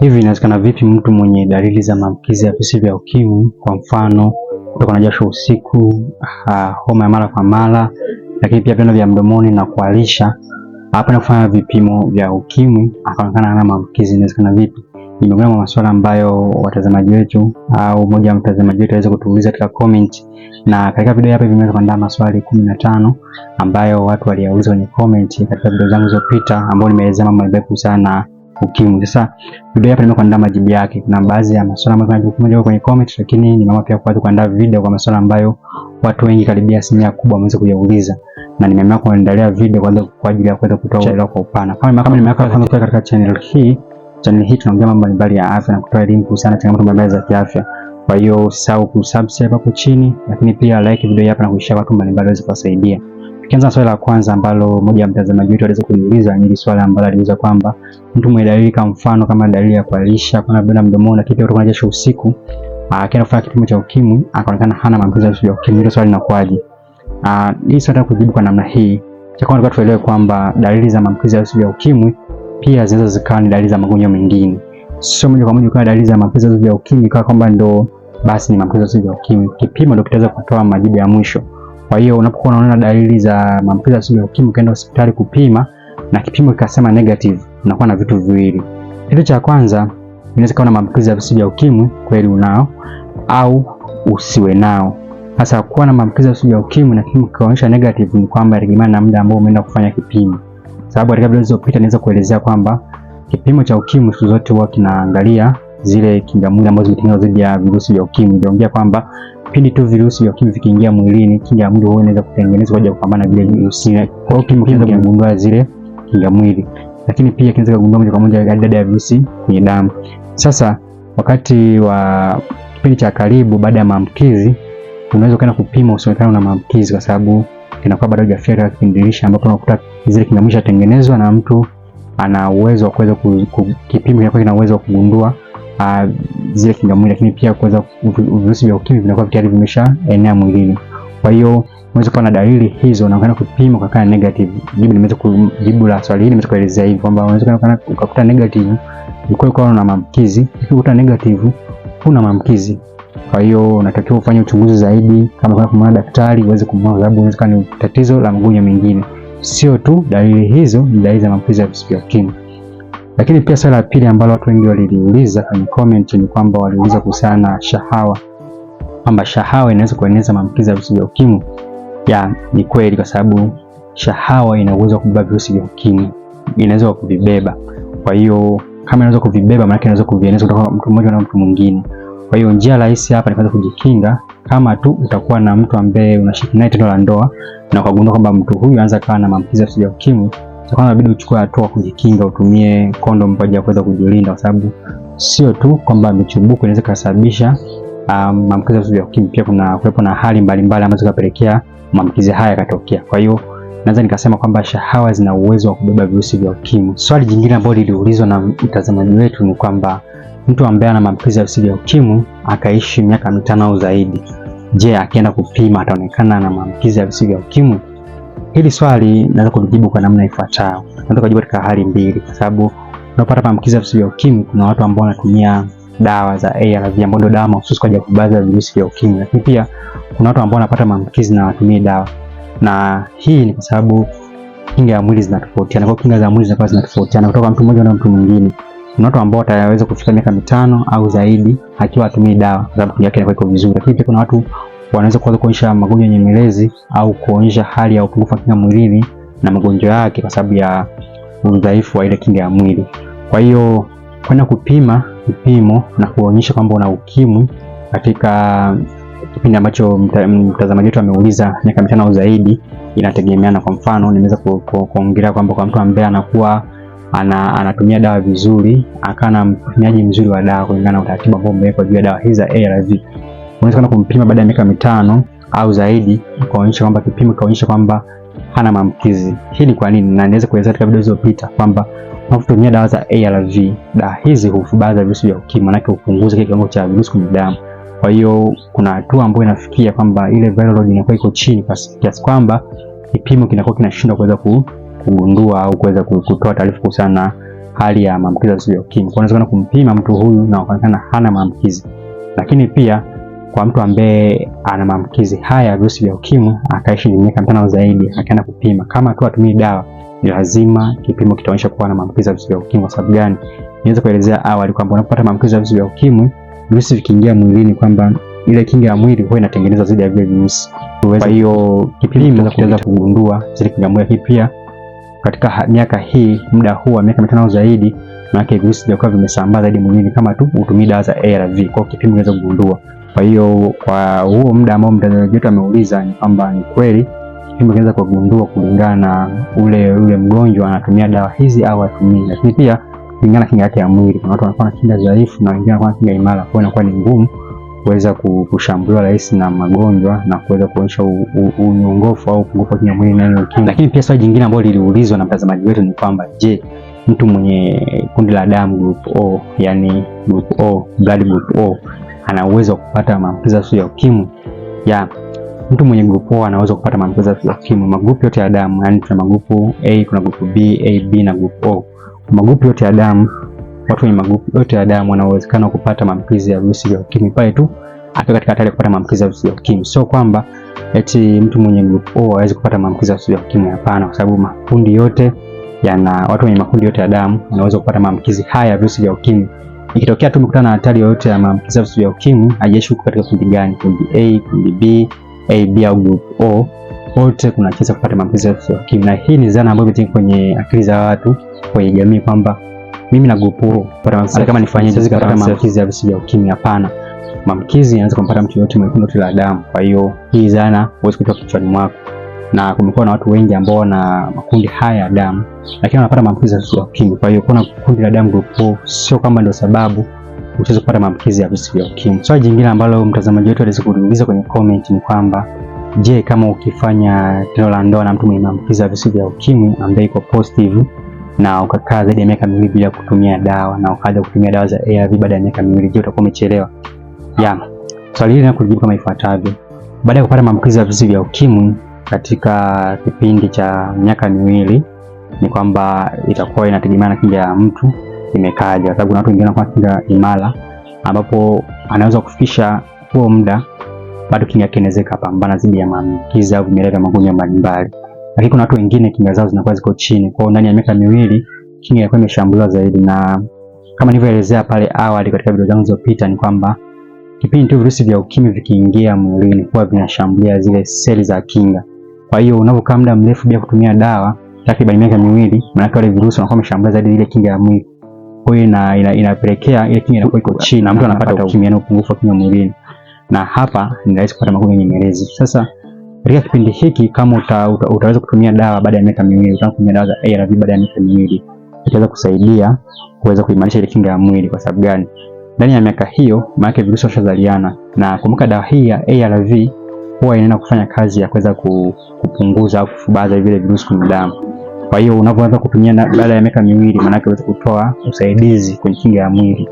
Hivi inawezekana vipi mtu mwenye dalili za maambukizi ya virusi vya UKIMWI, kwa mfano kutoka na jasho usiku, ah, homa ya mara kwa mara, lakini pia vidonda vya mdomoni na kualisha, hapa na kufanya vipimo vya UKIMWI akaonekana ana maambukizi? Inawezekana vipi? Ni miongoni mwa maswala ambayo watazamaji wetu au mmoja wa mtazamaji wetu aweza kutuuliza katika comment, na katika video hapa vimeweza kuandaa maswali 15 ambayo watu waliauliza kwenye comment katika video zangu zilizopita, ambao nimeelezea mambo mengi kuhusiana na ukimwi. Sasa video hapa nimeanza kuandaa majibu yake. Kuna baadhi ya maswali ambayo tunajifunza kwenye comment, lakini nimeamua pia kuanza kuandaa video kwa maswali ambayo watu wengi karibia asilimia kubwa wameweza kuyauliza na nimeamua kuendelea video kwa ajili ya kuweza kutoa uelewa kwa upana. Kama kama nimeweka kwanza kwa katika channel hii, channel hii tunaongea mambo mbalimbali ya afya na kutoa elimu kuhusiana na changamoto mbalimbali za kiafya. Kwa hiyo usisahau kusubscribe hapo chini, lakini pia like video hii hapa na kuishare watu mbalimbali waweze kuwasaidia. Tukianza swali la kwanza ambalo mmoja ya mtazamaji wetu aliweza kuniuliza, ni swali ambalo aliuliza kwamba mtu mwenye dalili kama mfano kama dalili ya kuharisha, kuna vidonda mdomoni, lakini pia kuna jasho usiku, ah, akaenda kufanya kipimo cha ukimwi akaonekana hana maambukizi ya ukimwi, hilo swali linakuwaje? Ah, hii swali la kujibu kwa namna hii, cha kwanza tuelewe kwamba dalili za maambukizi ya virusi vya ukimwi pia zinaweza zikawa ni dalili za magonjwa mengine, sio moja kwa moja kwa dalili za maambukizi ya virusi vya ukimwi kwa kwamba ndo basi ni maambukizi ya virusi vya ukimwi. Kipimo ndio kitaweza kutoa majibu ya mwisho. Kwa hiyo unapokuwa unaona dalili za maambukizi ya sumu ya ukimwi, ukaenda hospitali kupima na kipimo kikasema negative, unakuwa na vitu viwili. Kitu cha kwanza, unaweza kuwa na maambukizi ya sumu ya ukimwi kweli unao au usiwe nao. Sasa kuwa na maambukizi ya sumu ya ukimwi na kipimo kikaonyesha negative, ni kwamba inategemea na muda ambao umeenda kufanya kipimo, sababu katika video zilizopita naweza kuelezea kwamba kipimo cha ukimwi siku zote huwa kinaangalia zile kinga mwili ambazo zimetengenezwa dhidi ya virusi vya ukimwi. Niliongea kwamba pindi tu virusi vya ukimwi vikiingia mwilini, kinga ya mwili huwa inaweza kutengenezwa kwa kupambana vile virusi. Kwa hiyo ukimwi kinaweza kugundua zile kinga mwili, lakini pia kinaweza kugundua moja kwa moja idadi ya virusi kwenye damu. Sasa wakati wa kipindi cha karibu baada ya maambukizi, unaweza kwenda kupima usionekane na maambukizi, kwa sababu inakuwa bado hajafika katika kipindi hicho ambapo unakuta zile kinga mwili zinatengenezwa na mtu ana uwezo wa kuweza kipimo kinakuwa kina uwezo wa kugundua uh, zile kinga mwili, lakini pia kuweza virusi vya ukimwi vinakuwa tayari vimesha enea mwilini. Kwa hiyo unaweza kuwa na dalili hizo na ukaenda kupima ukakaa negative. Jibu nimeweza kujibu la swali hili nimeweza kuelezea hivi kwamba unaweza kuwa ukakuta negative ulikuwa uko na maambukizi, ukikuta negative huna maambukizi. Kwa hiyo unatakiwa ufanye uchunguzi zaidi, kama kwa kumwona daktari uweze kumwona, sababu unaweza kuwa ni tatizo la mgonjwa mwingine, sio tu dalili hizo, ni dalili za maambukizi ya virusi vya ukimwi. Lakini pia swali la pili ambalo watu wengi waliliuliza kwenye comment ni kwamba waliuliza kuhusiana na shahawa, kwamba shahawa inaweza kueneza maambukizi ya virusi vya ukimwi. Ya, ni kweli, kwa sababu shahawa ina uwezo wa kubeba virusi vya ukimwi, inaweza kuvibeba. Kwa hiyo kama inaweza kuvibeba, maana inaweza kuvieneza kutoka mtu mmoja na mtu mwingine. Kwa hiyo njia rahisi hapa ni kwanza kujikinga, kama tu utakuwa na mtu ambaye unashiriki naye tendo la ndoa na ukagundua kwamba mtu huyu anaanza kuwa na maambukizi ya virusi vya ukimwi kwanza inabidi uchukue hatua kujikinga, utumie kondom kwa ajili ya kuweza kujilinda, kwa sababu sio tu kwamba michubuko inaweza kusababisha um, maambukizi ya UKIMWI, pia kuna kuwepo na hali mbalimbali ambazo zikapelekea maambukizi haya yakatokea. Kwa hiyo naweza nikasema kwamba shahawa zina uwezo wa kubeba virusi vya UKIMWI. Swali jingine ambalo liliulizwa na mtazamaji wetu ni kwamba mtu ambaye ana maambukizi ya virusi vya UKIMWI akaishi miaka mitano au zaidi, je, akienda kupima ataonekana na maambukizi ya virusi vya UKIMWI? Hili swali naweza kulijibu kwa namna ifuatayo. Naweza kujibu katika hali mbili, kwa sababu unapata maambukizi ya virusi vya ukimwi, kuna watu ambao wanatumia dawa za ARV ambazo ndio dawa mahususi kwa ajili ya kubaza virusi vya ukimwi, lakini pia kuna watu ambao wanapata maambukizi na watumie dawa, na hii ni kwa sababu kinga ya mwili zinatofautiana, kwa kinga za mwili zinakuwa zinatofautiana kutoka mtu mmoja na mtu mwingine. Kuna watu ambao wataweza kufika miaka mitano au zaidi akiwa atumii dawa, kwa sababu kinga yake inakuwa iko vizuri, lakini pia kuna watu wanaweza kuanza kuonyesha magonjwa yenye melezi au kuonyesha hali ya upungufu wa kinga mwilini na magonjwa yake kwa sababu ya udhaifu wa ile kinga ya mwili. Kwa hiyo kwenda kupima vipimo na kuonyesha kwamba una ukimwi katika kipindi ambacho mtazamaji wetu ameuliza miaka mitano au zaidi inategemeana. Kwa mfano, nimeweza kuongelea kwamba kwa mtu ambaye anakuwa ana, anatumia dawa vizuri, akawa na mtumiaji mzuri wa dawa kulingana na utaratibu ambao umewekwa juu ya dawa hizi za ARV unaweza kumpima baada ya miaka mitano au zaidi, ukaonyesha kwamba kipimo kaonyesha kwamba hana maambukizi. Hii ni kwa nini? Na niweza kueleza katika video zilizopita kwamba unapotumia dawa za ARV, dawa hizi hufubaza virusi vya ukimwi, maanake hupunguza kile kiwango cha virusi kwenye damu. Kwa hiyo kuna hatua ambayo inafikia kwamba ile viral load inakuwa iko chini kiasi kwamba kipimo kinakuwa kinashindwa kuweza kugundua au kuweza kutoa taarifa kuhusiana na hali ya maambukizi ya virusi vya ukimwi. Kwa hiyo unaweza kumpima mtu huyu na ukaonekana hana maambukizi, lakini pia kwa mtu ambaye ana maambukizi haya ya virusi vya ukimwi akaishi ni miaka mitano zaidi, akaenda kupima, kama tu atumii dawa, ni lazima kipimo kitaonyesha kuwa ana maambukizi ya virusi vya ukimwi. Kwa sababu gani? Niweza kuelezea awali kwamba unapopata maambukizi ya virusi vya ukimwi, virusi vikiingia mwilini, kwamba ile kinga ya mwili huwa inatengeneza zaidi ya vile virusi. Kwa hiyo kipimo kitaweza kugundua zile kinga mwili, hii pia katika miaka hii, muda huu wa miaka mitano zaidi, maana virusi vitakuwa vimesambaa zaidi mwilini, kama tu utumii dawa za ARV. Kwa hiyo kipimo kinaweza kugundua kwa hiyo kwa huo muda ambao mtazamaji wetu ameuliza, ni kwamba ni kweli kipimo kinaweza kugundua kulingana na ule ule mgonjwa anatumia dawa hizi au atumii, lakini pia kulingana kinga yake ya mwili. Kuna watu wanakuwa na kinga dhaifu na wengine wanakuwa na kinga imara, kwa hiyo inakuwa ni ngumu kuweza kushambuliwa rahisi na magonjwa na kuweza kuonyesha unyongofu au upungufu wa kinga mwilini. Lakini pia swali jingine ambalo liliulizwa na mtazamaji wetu ni kwamba je, mtu mwenye kundi la damu group O, yani group O, blood group O ana uwezo wa kupata maambukizi sugu ya ukimwi ya mtu mwenye group O anaweza kupata maambukizi sugu ya ukimwi. Magrupu yote ya damu, yani tuna magrupu A, kuna grupu B, AB na group O. Magrupu yote ya damu, watu wenye magrupu yote ya damu wana uwezekano kupata maambukizi ya virusi vya ukimwi pale tu akiwa katika hatari ya kupata maambukizi ya virusi vya ukimwi. Sio kwamba eti mtu mwenye group O hawezi kupata maambukizi ya virusi vya ukimwi, hapana, kwa sababu makundi yote yana watu wenye makundi yote ya damu wanaweza kupata maambukizi haya ya virusi vya ukimwi. Ikitokea tu umekutana na hatari yoyote ya maambukizi ya virusi vya ukimwi, haijalishi uko katika kundi gani, kundi A, kundi B, AB au group O, wote kuna chance ya kupata maambukizi ya virusi vya ukimwi. Na hii ni dhana ambayo imetengwa kwenye akili za watu, kwenye jamii kwamba mimi na group O kupata maambukizi kama nifanyaje, siwezi kupata maambukizi ya virusi vya ukimwi. Hapana, maambukizi yanaweza kumpata mtu yote mwenye kundi la damu. Kwa hiyo hii dhana huwezi kutoa kichwani mwako na kumekuwa na watu wengi ambao wana makundi haya ya damu, lakini wanapata maambukizi ya virusi vya ukimwi. Kwa hiyo kuna kundi la damu group O sio kama ndio sababu utaweza kupata maambukizi ya virusi vya ukimwi. Swali jingine ambalo mtazamaji wetu aliweza kuuliza kwenye comment ni kwamba je, kama ukifanya tendo la ndoa na mtu mwenye maambukizi ya virusi vya ukimwi ambaye iko positive na ukakaa zaidi ya miaka miwili bila kutumia dawa na ukaja kutumia dawa za ARV baada ya miaka miwili, je, utakuwa umechelewa? Yeah. Swali so, hili nakujibu kama ifuatavyo. Baada ya kupata maambukizi ya virusi vya ukimwi katika kipindi cha miaka miwili ni kwamba itakuwa inategemea na kinga ya mtu imekaja, sababu kuna watu wengine wanakuwa kinga imara, ambapo anaweza kufikisha huo muda bado kinga yake inaweza ikapambana dhidi ya maambukizi au vimelea vya magonjwa mbalimbali, lakini kuna watu wengine kinga zao zinakuwa ziko chini. Kwa hiyo ndani ya miaka miwili kinga inakuwa imeshambuliwa zaidi, na kama nilivyoelezea pale awali katika video zangu zilizopita ni kwamba kipindi tu virusi vya ukimwi vikiingia mwilini huwa vinashambulia zile seli za kinga kwa hiyo unapokaa muda mrefu bila kutumia dawa takriban miaka miwili, maana wale virusi wanakuwa wameshambulia zaidi ile kinga ya mwili. Kwa hiyo ina, ina, inapelekea ile kinga inakuwa iko chini na mtu anapata ukimya na upungufu wa kinga mwilini, na hapa ni rahisi kupata magonjwa nyemelezi. Sasa katika kipindi hiki kama uta, uta, utaweza kutumia dawa baada ya miaka miwili, utaanza kutumia dawa za ARV baada ya miaka miwili, itaweza kusaidia kuweza kuimarisha ile kinga ya mwili. Kwa sababu gani? Ndani ya miaka hiyo, maana virusi washazaliana, na kumbuka dawa hii ya ARV huwa inaenda kufanya kazi ya kuweza kupunguza au kufubaza vile virusi kwenye damu. Kwa hiyo unapoanza kutumia baada ya miaka miwili, maana yake unaweza kutoa usaidizi kwenye kinga ya mwili.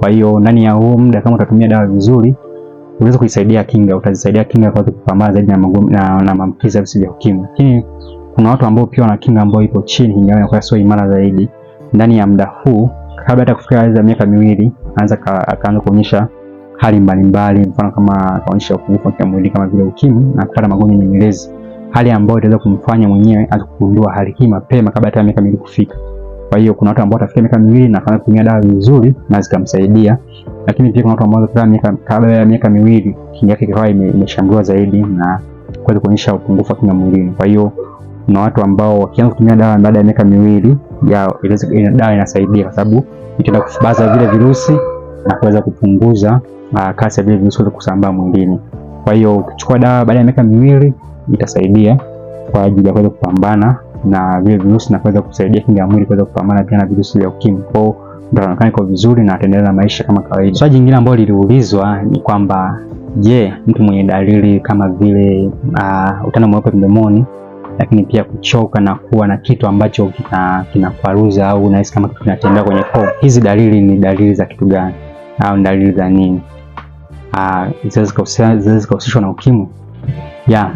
Kwa hiyo ndani ya huo muda, kama utatumia dawa vizuri, unaweza kuisaidia kinga, utazisaidia kinga kwa kupambana zaidi na na, na maambukizi ya virusi vya ukimwi. Lakini kuna watu ambao pia wana kinga ambayo ipo chini, kinga yao inakuwa sio imara zaidi. Ndani ya muda huu, kabla hata kufikia miaka miwili, anaweza akaanza kuonyesha hali mbalimbali, mfano kama kaonyesha upungufu wa mwili kama vile ukimwi na kupata magonjwa nyemelezi, hali ambayo itaweza kumfanya mwenyewe akugundua hali hii mapema kabla hata miaka miwili kufika. Kwa hiyo kuna watu ambao watafikia miaka miwili na akaanza kutumia dawa vizuri na zikamsaidia, lakini pia kuna watu ambao miaka kabla ya miaka miwili kinga yake ikawa imeshambuliwa zaidi na kuweza kuonyesha upungufu wa kinga mwilini. Kwa hiyo kuna watu ambao wakianza kutumia dawa baada ya miaka miwili ya dawa inasaidia, kwa sababu itaenda kufubaza vile virusi na kuweza kupunguza uh, kasi ya vile virusi kuweza kusambaa mwilini. Kwa hiyo ukichukua dawa baada ya miaka miwili itasaidia kwa ajili ya kuweza kupambana na vile virusi na kuweza kusaidia kinga ya mwili kuweza kupambana pia na virusi vya ukimwi. Kwa hiyo ndio anaonekana iko vizuri na ataendelea na maisha kama kawaida. Swali jingine ambalo liliulizwa ni kwamba je, yeah, mtu mwenye dalili kama vile uh, utando mweupe mdomoni lakini pia kuchoka na kuwa na kitu ambacho kinakwaruza kina au unahisi kama kitu kinatembea kwenye koo, hizi dalili ni dalili za kitu gani au ni dalili za nini? Ah, zinaweza zikahusishwa na ukimwi ya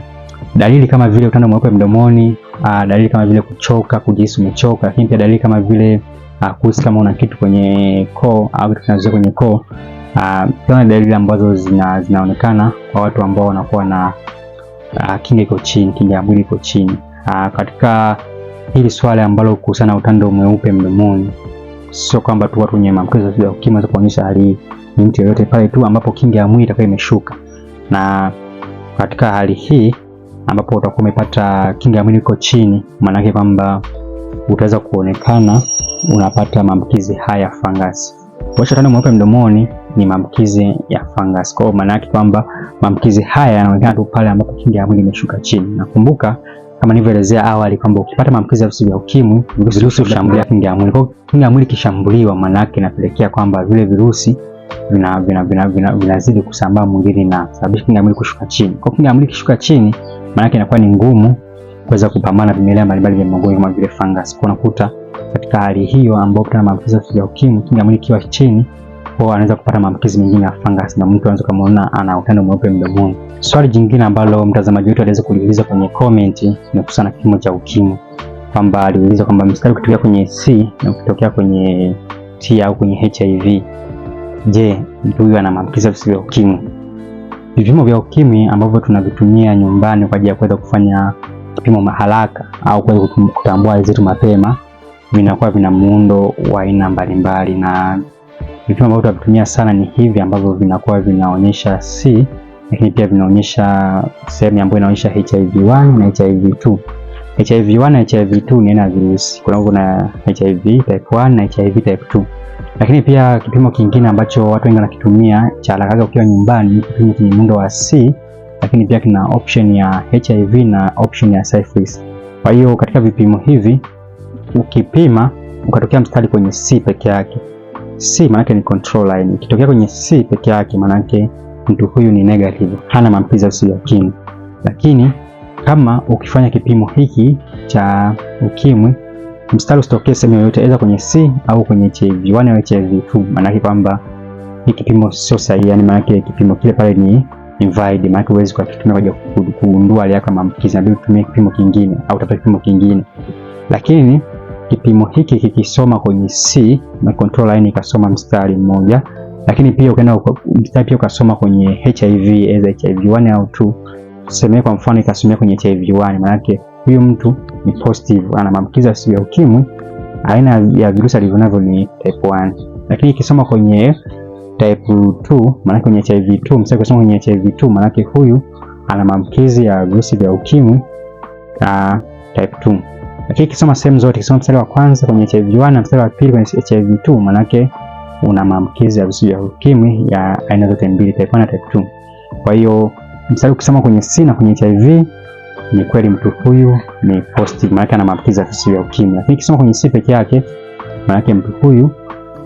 Dalili kama vile utando mweupe mdomoni, uh, dalili kama vile kuchoka, kujihisi umechoka, lakini pia dalili kama vile ah, kuhisi kama una kitu kwenye koo au kitu kinazuia kwenye koo uh, dalili ambazo zina, zinaonekana kwa watu ambao wanakuwa na a, kinga iko chini, kinga ya mwili iko chini. Uh, katika hili swala ambalo kuhusiana na utando mweupe mdomoni, sio kwamba tu watu wenye maambukizi ya ukimwi wanaweza kuonyesha hali hii ni mtu yoyote pale tu ambapo kinga ya mwili itakuwa imeshuka, na katika hali hii ambapo utakuwa umepata kinga ya mwili iko chini, maanake kwamba utaweza kuonekana unapata maambukizi haya ya fangasi. Shetani mweupe mdomoni ni maambukizi ya fangasi. Kwa hiyo maana yake kwamba maambukizi haya yanaonekana tu pale ambapo kinga ya mwili imeshuka chini. Nakumbuka kama nilivyoelezea awali kwamba ukipata maambukizi ya virusi vya ukimwi, virusi hushambulia kinga ya mwili. Kwa hiyo kinga ya mwili ikishambuliwa, maana yake inapelekea kwamba vile virusi vinazidi vina, vina, vina, vina kusambaa mwilini na sababisha kinga mwili kushuka chini. Kwa kinga mwili kushuka chini, maana yake inakuwa ni ngumu kuweza kupambana vimelea mbalimbali vya magonjwa kama vile fungus. Kwa unakuta katika hali hiyo ambapo kuna maambukizi ya UKIMWI, kinga mwili kiwa chini, kwa anaweza kupata maambukizi mengine ya fungus na mtu anaweza kumuona ana utando mweupe mdomoni. Swali jingine ambalo mtazamaji wetu aliweza kuliuliza kwenye comment ni kuhusu na kipimo cha UKIMWI, kwamba aliuliza kwamba mstari ukitokea kwenye C na ukitokea kwenye T au kwenye HIV Je, mtu huyu ana maambukizi ya virusi vya ukimwi? Vipimo vya ukimwi ambavyo tunavitumia nyumbani kwa ajili ya kuweza kufanya kipimo maharaka au kuweza kutambua hali zetu mapema vinakuwa vina muundo wa aina mbalimbali, na vipimo ambavyo tunavitumia sana ni hivi ambavyo vinakuwa vinaonyesha C, lakini pia vinaonyesha sehemu ambayo inaonyesha HIV 1 na HIV 2. HIV 1 na HIV 2 ni aina ya virusi, kuna na HIV type 1 na HIV type 2. Lakini pia kipimo kingine ambacho watu wengi wanakitumia cha haraka ukiwa nyumbani, kipimo chenye muundo wa C, lakini pia kina option ya HIV na option ya syphilis. Kwa hiyo katika vipimo hivi ukipima ukatokea mstari kwenye C peke yake, C maana yake ni control line. Ukitokea kwenye C peke yake, maana yake mtu huyu ni negative, hana maambukizi yasiyo ya UKIMWI. Lakini kama ukifanya kipimo hiki cha UKIMWI mstari usitokee sehemu yoyote, aidha kwenye C au kwenye HIV1 au HIV2. Maanake kwamba hii kipimo sio sahihi, yani maana yake kipimo kile pale ni invalid, maana yake huwezi kutumia kwa ajili kugundua hali yako ya maambukizi, inabidi utumie kipimo kingine au utapata kipimo kingine. Lakini kipimo hiki kikisoma kwenye C na control line ikasoma mstari mmoja, lakini pia ukaenda mstari pia ukasoma kwenye HIV, aidha HIV1 au 2, tuseme kwa mfano ikasomea kwenye HIV1 maana yake huyu mtu ni positive, ana maambukizi ya ukimwi, aina ya virusi alivyonavyo ni type 1, lakini ikisoma kwenye type 2, maana kwenye HIV 2, msitaki kusoma kwenye HIV 2, maana huyu ana maambukizi ya virusi vya ukimwi ah, type 2. Lakini kisoma sehemu zote, kisoma mstari wa kwanza kwenye HIV 1 na mstari wa pili kwenye HIV 2, maana una maambukizi ya virusi vya ukimwi ya aina zote mbili, type 1 na type 2. Kwa hiyo mstari ukisoma kwenye C na kwenye HIV ni kweli mtu huyu ni positive, maana ana maambukizi ya virusi vya ukimwi. Lakini kisoma kwenye si peke yake, maana yake mtu huyu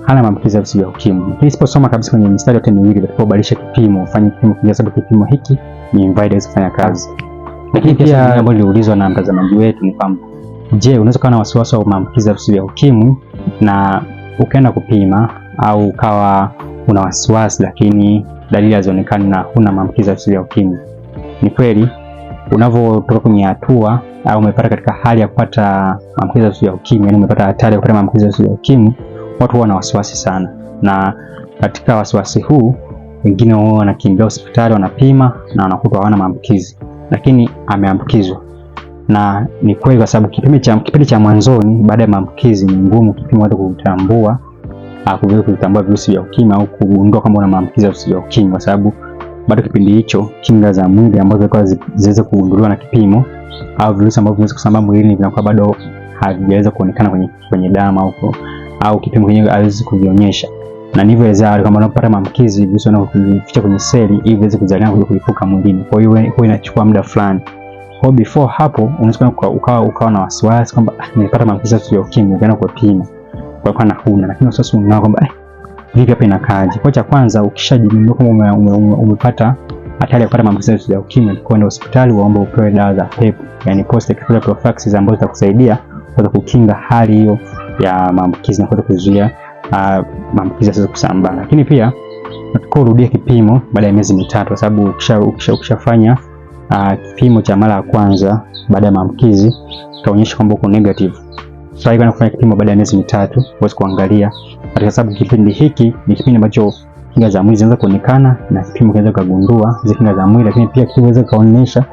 hana maambukizi ya virusi vya ukimwi. Lakini isiposoma kabisa kwenye mistari yote miwili, utabadilisha kipimo, ufanye kipimo kwa sababu kipimo hiki ni invalid kufanya kazi. Lakini pia jambo niliulizwa na mtazamaji wetu ni kwamba je, unaweza kuwa na wasiwasi wa maambukizi ya virusi vya ukimwi na ukaenda kupima au ukawa una wasiwasi, lakini dalili hazionekani na huna maambukizi ya virusi vya ukimwi? Ni kweli unavyotoka kwenye hatua au umepata katika hali ya kupata maambukizi ya ukimwi, yani umepata hatari ya kupata maambukizi ya ukimwi, watu huwa na wasiwasi sana, na katika wasiwasi huu wengine wao wanakimbia hospitali, wanapima na wanakuta hawana maambukizi, lakini ameambukizwa. Na ni kweli, kwa sababu kipindi cha kipindi cha mwanzoni baada ya maambukizi ni ngumu kipimo watu kutambua kuvitambua virusi vya ukimwi au kugundua kama una maambukizi ya ukimwi kwa sababu bado kipindi hicho kinga za mwili ambazo zilikuwa ziweze kugunduliwa na kipimo au virusi ambavyo vinaweza kusambaa mwilini vinakuwa bado havijaweza kuonekana kwenye, kwenye damu au, au kipimo chenyewe hawezi kuvionyesha, na nilivyoelezea awali kwamba unapopata maambukizi virusi wanavyoficha kwenye seli ili viweze kuzaliana kuja kulipuka mwilini. Kwa hiyo huwa inachukua muda fulani. Kwa before hapo unaweza ukawa ukawa na wasiwasi kwamba ah, nimepata maambukizi ya ukimwi, ukaenda kuwapima kwa kwa na huna, lakini sasa unaona kwamba eh hapa inakaaje? Kwa cha kwanza, ukishajigundua kama ume, ume, ume, umepata hatari ya kupata maambukizi ya ukimwi, kwenda hospitali waombe upewe dawa za PEP, yani post exposure prophylaxis, ambazo zitakusaidia kuweza kukinga hali hiyo ya maambukizi na kuweza kuzuia uh, maambukizi yasiweze kusambaa. Lakini pia unatakiwa urudie kipimo baada ya miezi mitatu, kwa sababu ukishafanya ukisha, ukisha uh, kipimo cha mara ya kwanza baada ya maambukizi kaonyesha kwamba uko negative, sasa so kufanya kipimo baada ya miezi mitatu uweze kuangalia katika sababu kipindi hiki ni kipindi ambacho kinga za mwili zinaweza kuonekana na kipimo kinaweza kugundua zile kinga za mwili, lakini pia kinaweza kuonyesha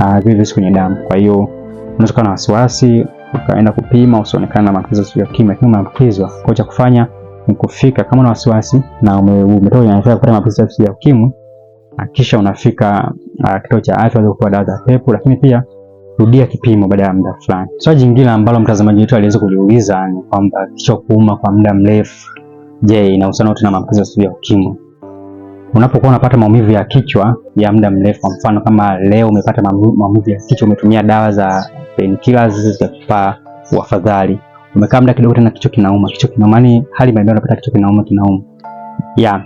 uh, vile virusi kwenye damu. Kwa hiyo unaweza kuwa na wasiwasi ukaenda kupima usionekana na maambukizo ya ukimwi, lakini umeambukizwa. Kwa cha kufanya ni kufika, kama una wasiwasi na umetoka unataka kupata maambukizo ya ukimwi, kisha unafika uh, kituo cha afya kupewa dawa za pepo, lakini pia rudia kipimo baada ya muda fulani. Swali so, jingine ambalo mtazamaji wetu aliweza kujiuliza ni kwamba kichwa kuuma kwa muda mrefu, je, inahusiana wote na maambukizi ya sugu ya ukimwi? Unapokuwa unapata maumivu ya kichwa ya muda mrefu, kwa mfano kama leo umepata maumivu ya kichwa, umetumia dawa za painkillers za zikakupa wafadhali, umekaa muda kidogo, tena kichwa kinauma, kichwa kinauma, yani hali mbaya, unapata kichwa kinauma, kinauma ya yeah.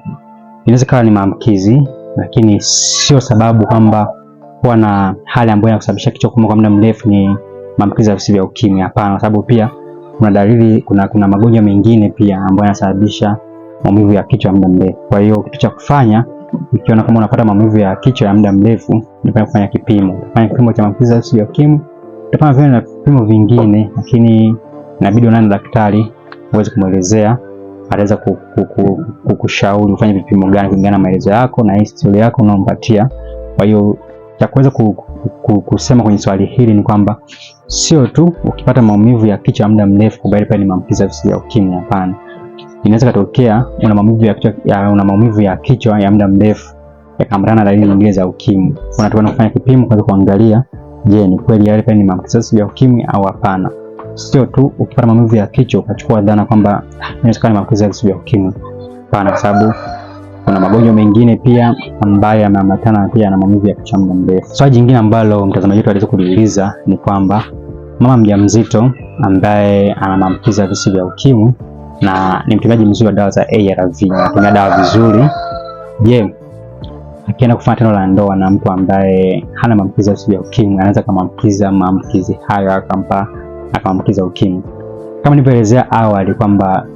Inaweza kawa ni maambukizi, lakini sio sababu kwamba kuwa na hali ambayo inasababisha kichwa kuuma kwa muda mrefu ni maambukizi ya virusi vya ukimwi. Hapana, kwa sababu pia kuna dalili, kuna, kuna magonjwa mengine pia ambayo yanasababisha maumivu ya kichwa ya muda mrefu. Kwa hiyo kitu cha kufanya ukiona kama unapata maumivu ya kichwa ya muda mrefu, ni unapaswa kufanya kipimo. Utafanya kipimo cha maambukizi ya virusi vya ukimwi, utafanya vile na vipimo vingine, lakini inabidi uonane na daktari uweze kumwelezea, ataweza kukushauri ufanye vipimo gani kulingana na maelezo yako na historia yako unayompatia. Kwa hiyo cha kuweza ku, ku, ku, kusema kwenye swali hili ni kwamba sio tu ukipata maumivu ya kichwa muda mrefu kubali pale ni maambukizi ya virusi vya ukimwi. Hapana, inaweza katokea una maumivu ya kichwa ya, una maumivu ya kichwa ya muda mrefu yakaambatana na dalili nyingine za ukimwi. Unatakiwa kufanya kipimo kwa kuangalia, je, ni kweli yale pale ni maambukizi ya virusi vya ukimwi au hapana. Sio tu ukipata maumivu ya kichwa ukachukua dhana kwamba inaweza kuwa ni maambukizi ya virusi vya ukimwi. Hapana, sababu kuna magonjwa mengine pia ambayo yameambatana pia na maumivu ya kichwa muda mrefu. Swali jingine ambalo mtazamaji wetu aliweza kujiuliza ni kwamba mama mjamzito ambaye ana maambukizi ya virusi vya ukimwi na ni mtumiaji mzuri wa dawa za ARV, anatumia dawa vizuri, je, akienda kufanya tendo la ndoa na mtu ambaye hana maambukizi ya virusi vya ukimwi anaweza kumwambukiza maambukizi hayo akampa akamwambukiza ukimwi? Kama nilivyoelezea awali kwamba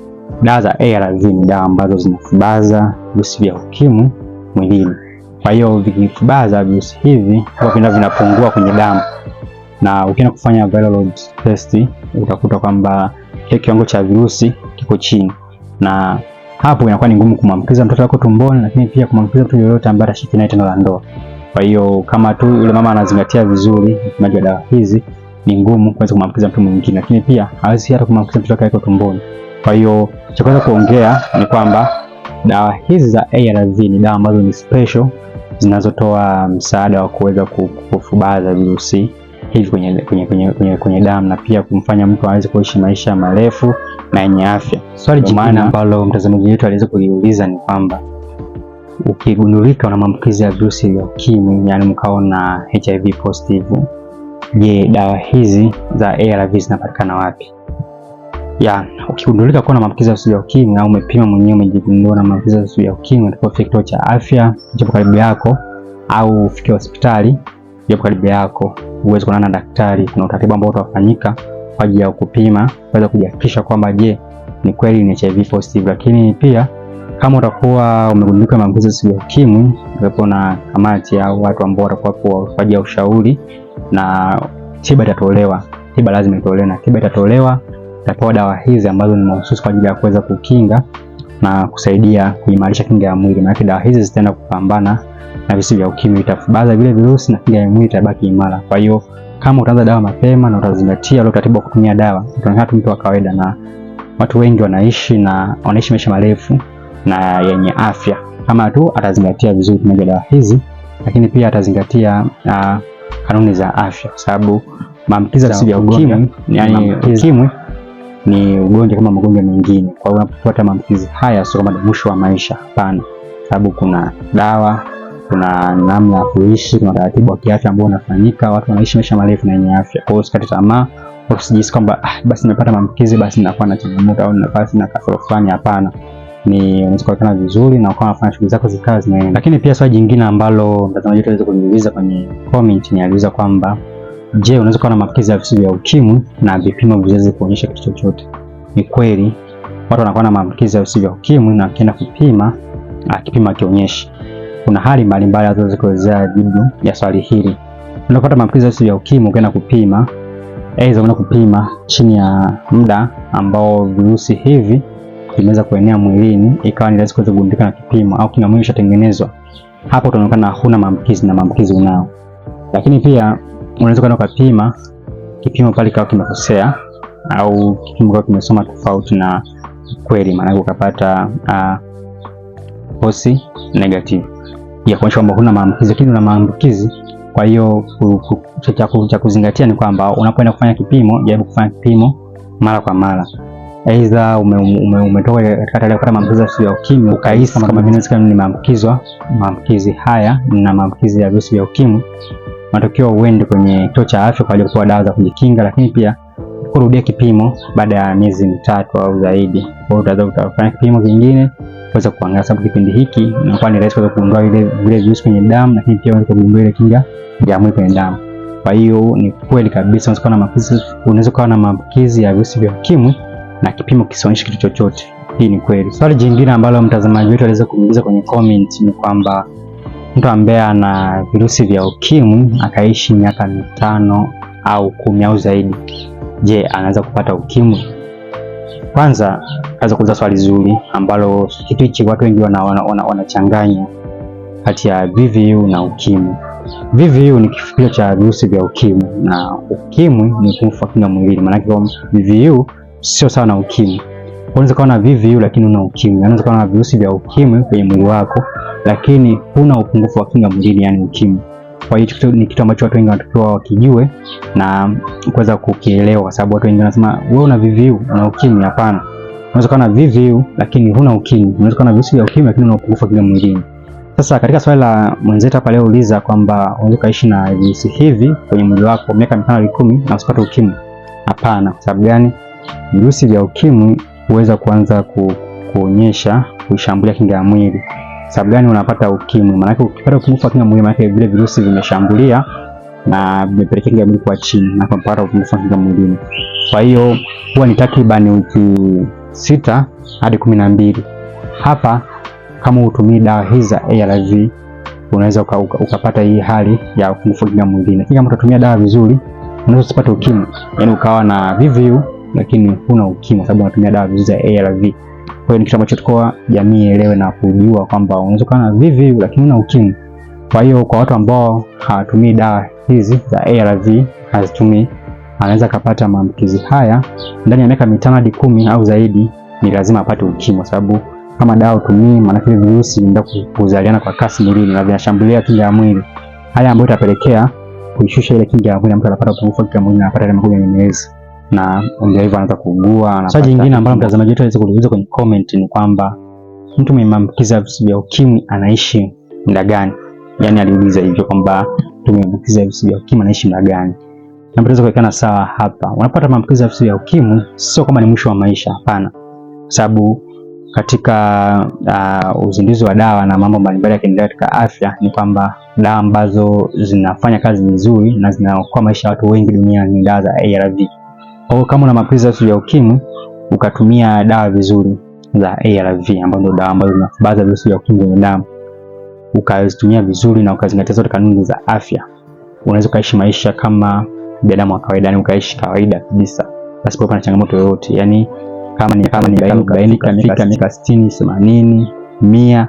dawa za ARV ni dawa ambazo zinafubaza virusi vya ukimwi mwilini. Kwa hiyo vikifubaza virusi hivi huwa vina vinapungua kwenye damu, na ukienda kufanya viral load test utakuta kwamba kile kiwango cha virusi kiko chini, na hapo inakuwa ni ngumu kumwambukiza mtoto wako tumboni, lakini pia kumwambukiza mtu yeyote ambaye atashiriki naye tendo la ndoa. Kwa hiyo kama tu yule mama anazingatia vizuri utumiaji wa dawa hizi, ni ngumu kuweza kumwambukiza mtu mwingine, lakini pia hawezi hata kumwambukiza mtoto wake tumboni. Kwa hiyo cha kwanza kuongea ni kwamba Dawa hizi za ARV ni dawa ambazo ni special zinazotoa msaada wa kuweza kufubaza virusi hivi kwenye, kwenye, kwenye, kwenye, kwenye damu na pia kumfanya mtu aweze kuishi maisha marefu na yenye afya. Swali jingine ambalo mtazamaji wetu aliweza kuliuliza ni kwamba ukigundulika una maambukizi ya virusi vya UKIMWI, yani mkao na HIV positive, je, dawa hizi za ARV zinapatikana wapi? ya ukigundulika kuwa na maambukizi ya virusi vya ukimwi au umepima mwenyewe umejigundua na maambukizi ya virusi vya ukimwi, unatakiwa ufike kituo cha afya kilicho karibu yako au ufike hospitali iliyo karibu yako uweze kuonana na daktari. Kuna utaratibu ambao utafanyika kwa ajili ya kupima kuweza kujihakikisha kwamba je, ni kweli ni HIV positive. Lakini pia kama utakuwa umegundulika maambukizi ya ya ukimwi, utakuwa na kamati au watu ambao watakuwa kwa ajili ya ushauri na tiba itatolewa. Tiba lazima itolewe na tiba itatolewa utapewa dawa hizi ambazo ni mahususi kwa ajili ya kuweza kukinga na kusaidia kuimarisha kinga ya mwili. Maana dawa hizi zitaenda kupambana na virusi vya ukimwi, itafubaza vile virusi na kinga ya mwili itabaki imara. Kwa hiyo kama utaanza dawa mapema na utazingatia ule utaratibu wa kutumia dawa, utaonekana mtu wa kawaida, na watu wengi wanaishi na wanaishi maisha marefu na yenye afya kama tu atazingatia vizuri kutumia dawa hizi, lakini pia atazingatia uh, kanuni za afya kwa sababu maambukizi ya ukimwi yani ukimwi ni ugonjwa kama magonjwa mengine. Kwa hiyo unapopata maambukizi haya sio kama mwisho wa maisha, hapana, sababu kuna dawa, kuna namna ya kuishi, kuna taratibu wa kiafya ambao unafanyika, watu wanaishi maisha marefu na yenye afya. Kwa hiyo usikate tamaa, usijisikie kwamba ah, basi nimepata maambukizi, basi nakuwa na changamoto au nafasi na kasoro fulani. Hapana, ni unaweza kuonekana vizuri na ukawa unafanya shughuli zako zikawa zinaenda. Lakini pia swali jingine ambalo mtazamaji wetu aliweza kuniuliza kwenye comment ni aliuliza kwamba Je, unaweza kuwa na maambukizi ya virusi vya ukimwi na vipimo viweze kuonyesha kitu chochote? Ni kweli watu wanakuwa na maambukizi ya virusi vya ukimwi na wakienda kupima, akipima ah, akionyeshi. Kuna hali mbalimbali zinazoweza kuelezea jibu ya swali hili. Unapata maambukizi ya virusi vya ukimwi ukienda kupima, aidha unaenda kupima chini ya muda ambao virusi hivi vimeweza kuenea mwilini, ikawa ni rahisi kuweza kugundika na kipimo au kinga mwili ishatengenezwa, hapo utaonekana huna maambukizi na maambukizi unao. Lakini pia unaweza kwenda ukapima kipimo pale kawa kimekosea au kipimo kawa kimesoma tofauti na kweli, maanake ukapata uh, ah, false negative ya kuonyesha kwamba huna maambukizi, lakini una maambukizi. Kwa hiyo cha kuzingatia ni kwamba unapoenda kufanya kipimo, jaribu kufanya kipimo mara kwa mara, aidha umetoka katika hali ya kupata maambukizi ya ukimwi ukaisa kama vile ni maambukizwa maambukizi haya na maambukizi ya virusi vya ukimwi matokeo uende kwenye kituo cha afya kwa ajili kupewa dawa za kujikinga, lakini pia kurudia kipimo baada ya miezi mitatu au zaidi. Kwa hiyo utafanya kipimo kingine kuweza kuangalia, sababu kipindi hiki inakuwa ni rahisi kuweza kugundua ile vile virusi kwenye damu, lakini pia unaweza kugundua ile kinga ya mwili kwenye damu. Kwa hiyo ni kweli kabisa unaweza kuwa na maambukizi ya virusi vya ukimwi na kipimo kisionyeshi kitu chochote. Hii ni kweli. Swali jingine ambalo mtazamaji wetu aliweza kuingiza kwenye comment ni kwamba mtu ambaye ana virusi vya ukimwi akaishi miaka mitano au kumi au zaidi, je, anaweza kupata ukimwi? Kwanza naweza kuuliza swali zuri ambalo kitu hichi watu wengi wanachanganya kati ya VVU na ukimwi. VVU ni kifupisho cha virusi vya ukimwi na ukimwi ni upungufu wa kinga mwilini. Maanake VVU sio sawa na ukimwi. Unaweza kuwa na VVU lakini una ukimwi, unaweza kuwa na virusi vya ukimwi kwenye mwili wako lakini huna upungufu wa kinga mwilini, yani ukimwi. Kwa hiyo ni kitu ambacho watu wengi wanatakiwa wakijue na kuweza kukielewa, kwa sababu watu wengi wanasema wewe una VVU una ukimwi. Hapana, unaweza kuwa na VVU lakini huna ukimwi, unaweza kuwa na virusi vya ukimwi lakini una upungufu wa kinga mwilini. Sasa katika swali la mwenzetu hapa leo, uliza kwamba unaweza kuishi na virusi hivi kwenye mwili wako miaka mitano hadi kumi na usipate ukimwi. Hapana. Kwa sababu gani? Virusi vya ukimwi huweza kuanza ku, kuonyesha kushambulia kinga ya mwili. Sababu gani unapata ukimwi? Maana ukipata ukimwi kwa kinga mwili, maana vile virusi vimeshambulia na vimepelekea kinga mwili kwa chini na kupata upungufu wa kinga mwilini. Kwa hiyo huwa ni takriban wiki sita hadi kumi na mbili. Hapa kama utumii dawa hizi za ARV unaweza uka, uka, ukapata hii hali ya upungufu wa kinga mwilini. Kama utatumia dawa vizuri unaweza usipate ukimwi, yaani ukawa na VVU lakini huna ukimwi kwa sababu unatumia dawa virusi za ARV. Kwa hiyo ni kitu ambacho tukoa jamii elewe na kujua kwamba unaweza kuwa na VVU lakini una ukimwi. Kwa hiyo kwa watu ambao hawatumii dawa hizi za ARV, hazitumii, anaweza kupata maambukizi haya ndani ya miaka mitano hadi kumi au zaidi, ni lazima apate ukimwi kwa sababu kama dawa utumii, maana kile virusi vinaenda kuzaliana kwa kasi mwilini na vinashambulia kinga ya mwili, haya ambayo itapelekea kuishusha ile kinga ya mwili, mtu anapata upungufu wa kinga ya mwili na anapata ile magonjwa mengi na ndio hivyo anaanza kuugua. Swali jingine ambalo mtazamaji wetu anaweza kuuliza kwenye comment ni kwamba mtu mwenye maambukizi ya virusi vya ukimwi anaishi muda gani? Yaani aliuliza hivyo kwamba mtu mwenye maambukizi ya virusi vya ukimwi anaishi muda gani? Na mtaweza kuwekana sawa hapa. Unapata maambukizi ya virusi vya ukimwi sio kama ni mwisho wa maisha, hapana. sababu katika uh, uzinduzi wa dawa na mambo mbalimbali yakiendelea katika afya ni kwamba dawa ambazo zinafanya kazi vizuri na zinaokoa maisha ya watu wengi duniani ni dawa za ARV. Au kama una mapenzi tu ya ukimwi, ukatumia dawa vizuri za ARV ambazo ndio dawa ambazo zinabaza virusi vya ukimwi kwenye damu, ukazitumia vizuri na ukazingatia zote kanuni za afya, unaweza ukaishi maisha kama binadamu wa kawaida, yani ukaishi kawaida kabisa pasipo na changamoto yoyote, yani kama ni kama ni baini kafika miaka 60 80 100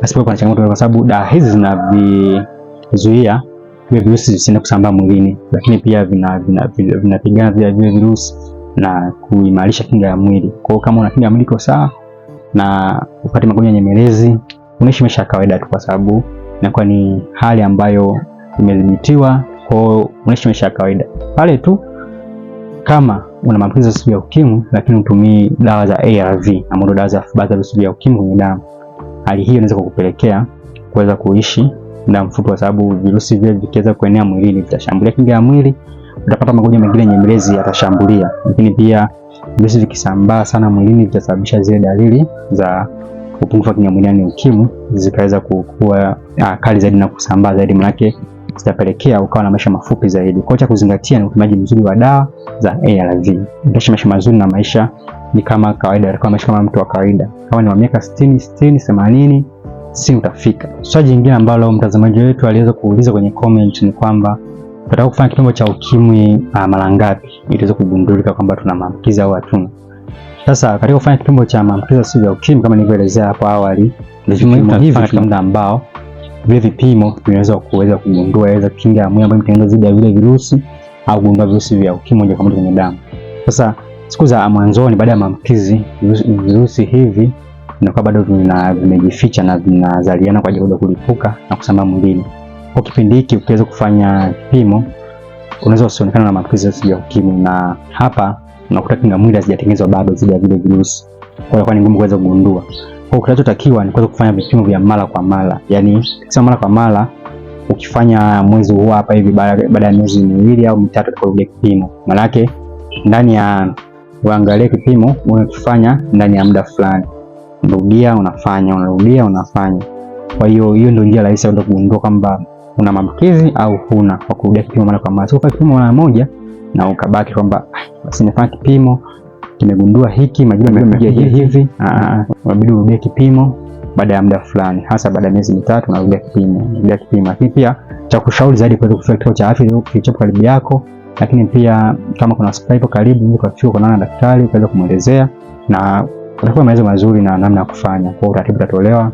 pasipo na changamoto, kwa sababu dawa hizi zinavizuia vile virusi visiende kusambaa mwilini, lakini pia vinapigana vina, vina vya vile virusi na kuimarisha kinga ya mwili. Kwa hiyo kama una kinga ya mwili kwa sawa na upate magonjwa nyemelezi, unaishi maisha ya kawaida tu, kwa sababu inakuwa ni hali ambayo imedhibitiwa. Kwa hiyo unaishi maisha ya kawaida pale tu kama una maambukizi ya virusi ukimwi, lakini utumii dawa za ARV ambazo dawa za virusi ya ukimwi kwenye damu, hali hiyo inaweza kukupelekea kuweza kuishi muda mfupi, kwa sababu virusi vile vikiweza kuenea mwilini vitashambulia kinga ya mwili, utapata magonjwa mengine nyemelezi yatashambulia. Lakini pia virusi vikisambaa sana mwilini vitasababisha zile dalili za upungufu wa kinga mwilini, yaani UKIMWI, zikaweza kukua ah, kali zaidi na kusambaa zaidi, manake zitapelekea ukawa na maisha mafupi zaidi. Kwa cha kuzingatia ni utumiaji mzuri wa dawa za ARV. Utaishi maisha mazuri na maisha ni kama kawaida, kama maisha kama mtu wa kawaida, kama ni wa miaka 60 60 80 si utafika. Swali jingine ambalo mtazamaji wetu aliweza kuuliza kwenye comment ni kwamba tunataka kufanya kipimo cha ukimwi uh, mara ngapi ili tuweze kugundulika kwamba tuna maambukizi au hatuna. Sasa katika kufanya kipimo cha maambukizi sio ya ukimwi kama nilivyoelezea hapo awali, vipimo hivi katika muda ambao vile vipimo vinaweza kuweza kugundua aidha kinga ya mwili ambayo imetengenezwa dhidi ya vile virusi au kugundua virusi vya ukimwi moja kwa moja kwenye damu. Sasa siku za mwanzoni baada ya maambukizi virusi hivi vinakuwa bado vimejificha na vinazaliana kwa ajili ya kulipuka na kusambaa mwilini. Kwa kipindi hiki ukiweza kufanya vipimo, unaweza usionekana na maambukizi ya UKIMWI, na hapa unakuta kinga mwili hazijatengenezwa bado zile ya vile virusi, kwa hiyo ni ngumu kuweza kugundua. Kwa hiyo kinachotakiwa ni kuweza kufanya vipimo vya mara kwa mara, yani sio mara kwa mara ukifanya mwezi huu hapa hivi, baada ya miezi miwili au mitatu tukarudia kipimo. Maana ndani ya uangalie kipimo unakifanya ndani ya muda fulani unarudia unafanya, unarudia unafanya. Kwa hiyo hiyo ndio njia rahisi ya kugundua kwamba una maambukizi au huna, kwa kurudia kipimo mara kwa mara. Sio kipimo mara moja na ukabaki kwamba basi nimefanya kipimo kimegundua hiki, majibu yamekuja hivi. Ah, ah, ah. Unabidi urudie kipimo baada ya muda fulani, hasa baada ya miezi mitatu, unarudia kipimo, rudia kipimo. Lakini pia cha kushauri zaidi kuweza kufika kituo cha afya kilichopo karibu yako, lakini pia kama kuna hospitali ipo karibu, unaweza kufika kuonana na daktari ukaweza kumwelezea na utakuwa maelezo mazuri na namna ya kufanya. Kwa utaratibu utatolewa,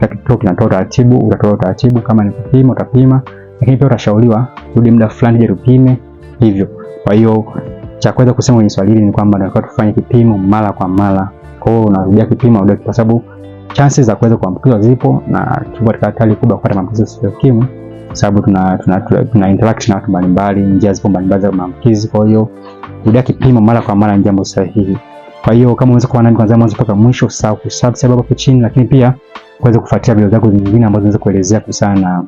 kitu kinatoa utaratibu, utatoa utaratibu. Kama ni kupima utapima, lakini pia utashauriwa rudi muda fulani je, upime hivyo. Kwa hiyo cha kwanza kusema kwenye swali hili ni kwamba tunatakiwa tufanye kipimo mara kwa mara. Kwa hiyo unarudia kipimo kwa sababu chances za kuweza kuambukizwa zipo na tuko katika hatari kubwa kupata maambukizi ya UKIMWI kwa sababu tuna, tuna, tuna, tuna interaction na watu mbalimbali, njia zipo mbalimbali za maambukizi. Kwa hiyo rudia kipimo mara kwa mara ni jambo sahihi. Kwa hiyo kama unaweza kuwa nani kuanzia mwanzo mpaka mwisho, usahau kusubscribe hapo chini, lakini pia kuweza kufuatilia video zangu zingine ambazo naweza kuelezea kuhusiana na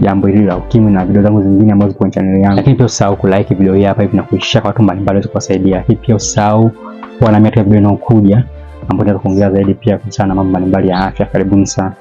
jambo hili la ukimwi na video zangu zingine ambazo kwenye channel yangu. Lakini pia usahau kulike video hii hapa hivi na kuishare kwa watu mbalimbali waweze kuwasaidia. Lakini pia usahau kuwa na katika video inayokuja ambapo kuongea zaidi pia kuhusiana na mambo mbalimbali ya afya. Karibuni sana.